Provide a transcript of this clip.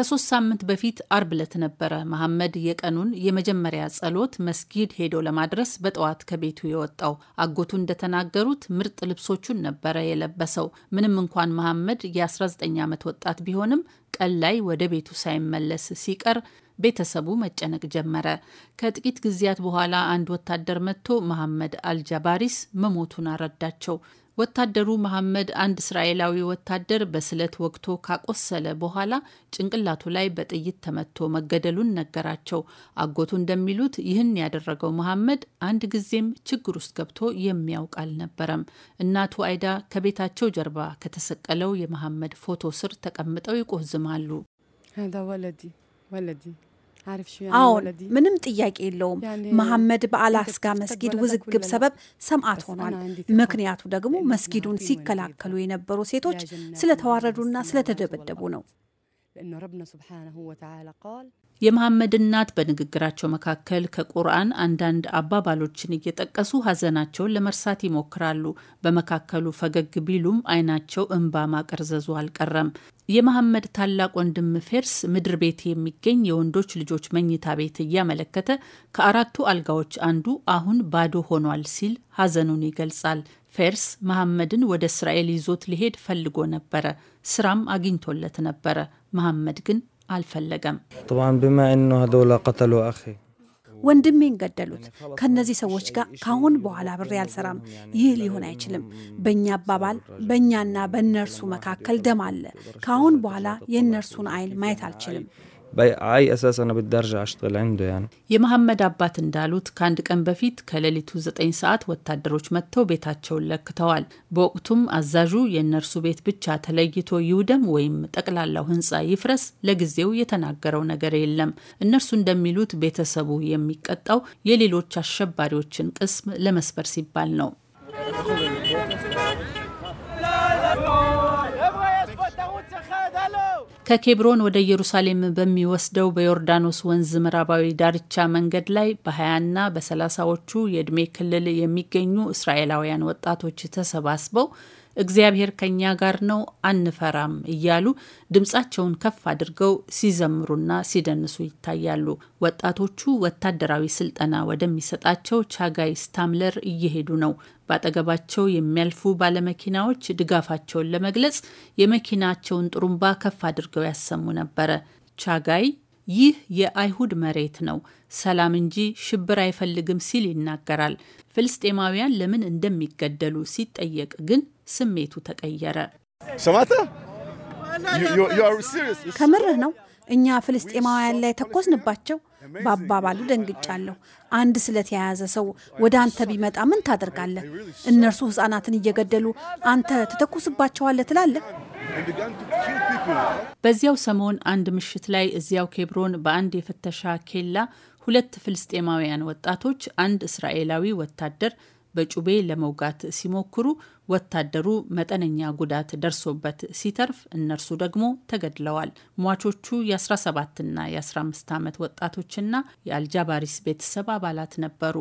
ከሶስት ሳምንት በፊት አርብ ዕለት ነበረ መሐመድ የቀኑን የመጀመሪያ ጸሎት መስጊድ ሄዶ ለማድረስ በጠዋት ከቤቱ የወጣው። አጎቱ እንደተናገሩት ምርጥ ልብሶቹን ነበረ የለበሰው። ምንም እንኳን መሐመድ የ19 ዓመት ወጣት ቢሆንም ቀን ላይ ወደ ቤቱ ሳይመለስ ሲቀር ቤተሰቡ መጨነቅ ጀመረ። ከጥቂት ጊዜያት በኋላ አንድ ወታደር መጥቶ መሐመድ አልጃባሪስ መሞቱን አረዳቸው። ወታደሩ መሐመድ አንድ እስራኤላዊ ወታደር በስለት ወቅቶ ካቆሰለ በኋላ ጭንቅላቱ ላይ በጥይት ተመቶ መገደሉን ነገራቸው። አጎቱ እንደሚሉት ይህን ያደረገው መሐመድ አንድ ጊዜም ችግር ውስጥ ገብቶ የሚያውቅ አልነበረም። እናቱ አይዳ ከቤታቸው ጀርባ ከተሰቀለው የመሐመድ ፎቶ ስር ተቀምጠው ይቆዝማሉ። ወለዲ ወለዲ አሁን ምንም ጥያቄ የለውም። መሐመድ በአላስጋ መስጊድ ውዝግብ ሰበብ ሰምዓት ሆኗል። ምክንያቱ ደግሞ መስጊዱን ሲከላከሉ የነበሩ ሴቶች ስለተዋረዱና ስለተደበደቡ ነው። የመሐመድ እናት በንግግራቸው መካከል ከቁርአን አንዳንድ አባባሎችን እየጠቀሱ ሀዘናቸውን ለመርሳት ይሞክራሉ። በመካከሉ ፈገግ ቢሉም አይናቸው እንባ ማቀርዘዙ አልቀረም። የመሐመድ ታላቅ ወንድም ፌርስ ምድር ቤት የሚገኝ የወንዶች ልጆች መኝታ ቤት እያመለከተ ከአራቱ አልጋዎች አንዱ አሁን ባዶ ሆኗል ሲል ሐዘኑን ይገልጻል። ፌርስ መሐመድን ወደ እስራኤል ይዞት ሊሄድ ፈልጎ ነበረ። ስራም አግኝቶለት ነበረ። መሐመድ ግን አልፈለገም። ወንድሜን ገደሉት። ከነዚህ ሰዎች ጋር ካሁን በኋላ ብሬ አልሰራም። ይህ ሊሆን አይችልም። በእኛ አባባል በእኛና በእነርሱ መካከል ደም አለ። ካሁን በኋላ የእነርሱን አይን ማየት አልችልም። በአይ እሳስ ነው ብትደርጅ አሽጥል ንዶ ያን የመሐመድ አባት እንዳሉት ከአንድ ቀን በፊት ከሌሊቱ ዘጠኝ ሰዓት ወታደሮች መጥተው ቤታቸውን ለክተዋል። በወቅቱም አዛዡ የእነርሱ ቤት ብቻ ተለይቶ ይውደም ወይም ጠቅላላው ህንፃ ይፍረስ ለጊዜው የተናገረው ነገር የለም። እነርሱ እንደሚሉት ቤተሰቡ የሚቀጣው የሌሎች አሸባሪዎችን ቅስም ለመስበር ሲባል ነው። ከኬብሮን ወደ ኢየሩሳሌም በሚወስደው በዮርዳኖስ ወንዝ ምዕራባዊ ዳርቻ መንገድ ላይ በሀያና በሰላሳዎቹ የዕድሜ ክልል የሚገኙ እስራኤላውያን ወጣቶች ተሰባስበው እግዚአብሔር ከእኛ ጋር ነው አንፈራም እያሉ ድምፃቸውን ከፍ አድርገው ሲዘምሩና ሲደንሱ ይታያሉ። ወጣቶቹ ወታደራዊ ስልጠና ወደሚሰጣቸው ቻጋይ ስታምለር እየሄዱ ነው። በአጠገባቸው የሚያልፉ ባለመኪናዎች ድጋፋቸውን ለመግለጽ የመኪናቸውን ጥሩምባ ከፍ አድርገው ያሰሙ ነበረ። ቻጋይ ይህ የአይሁድ መሬት ነው፣ ሰላም እንጂ ሽብር አይፈልግም ሲል ይናገራል። ፍልስጤማውያን ለምን እንደሚገደሉ ሲጠየቅ ግን ስሜቱ ተቀየረ። ሰማተ ከምርህ ነው? እኛ ፍልስጤማውያን ላይ ተኮስንባቸው? በአባባሉ ደንግጫለሁ። አንድ ስለተያያዘ ሰው ወደ አንተ ቢመጣ ምን ታደርጋለህ? እነርሱ ሕፃናትን እየገደሉ አንተ ትተኩስባቸዋለህ ትላለህ? በዚያው ሰሞን አንድ ምሽት ላይ እዚያው ኬብሮን በአንድ የፍተሻ ኬላ ሁለት ፍልስጤማውያን ወጣቶች አንድ እስራኤላዊ ወታደር በጩቤ ለመውጋት ሲሞክሩ ወታደሩ መጠነኛ ጉዳት ደርሶበት ሲተርፍ እነርሱ ደግሞ ተገድለዋል። ሟቾቹ የ17ና የ15 ዓመት ወጣቶችና የአልጃባሪስ ቤተሰብ አባላት ነበሩ።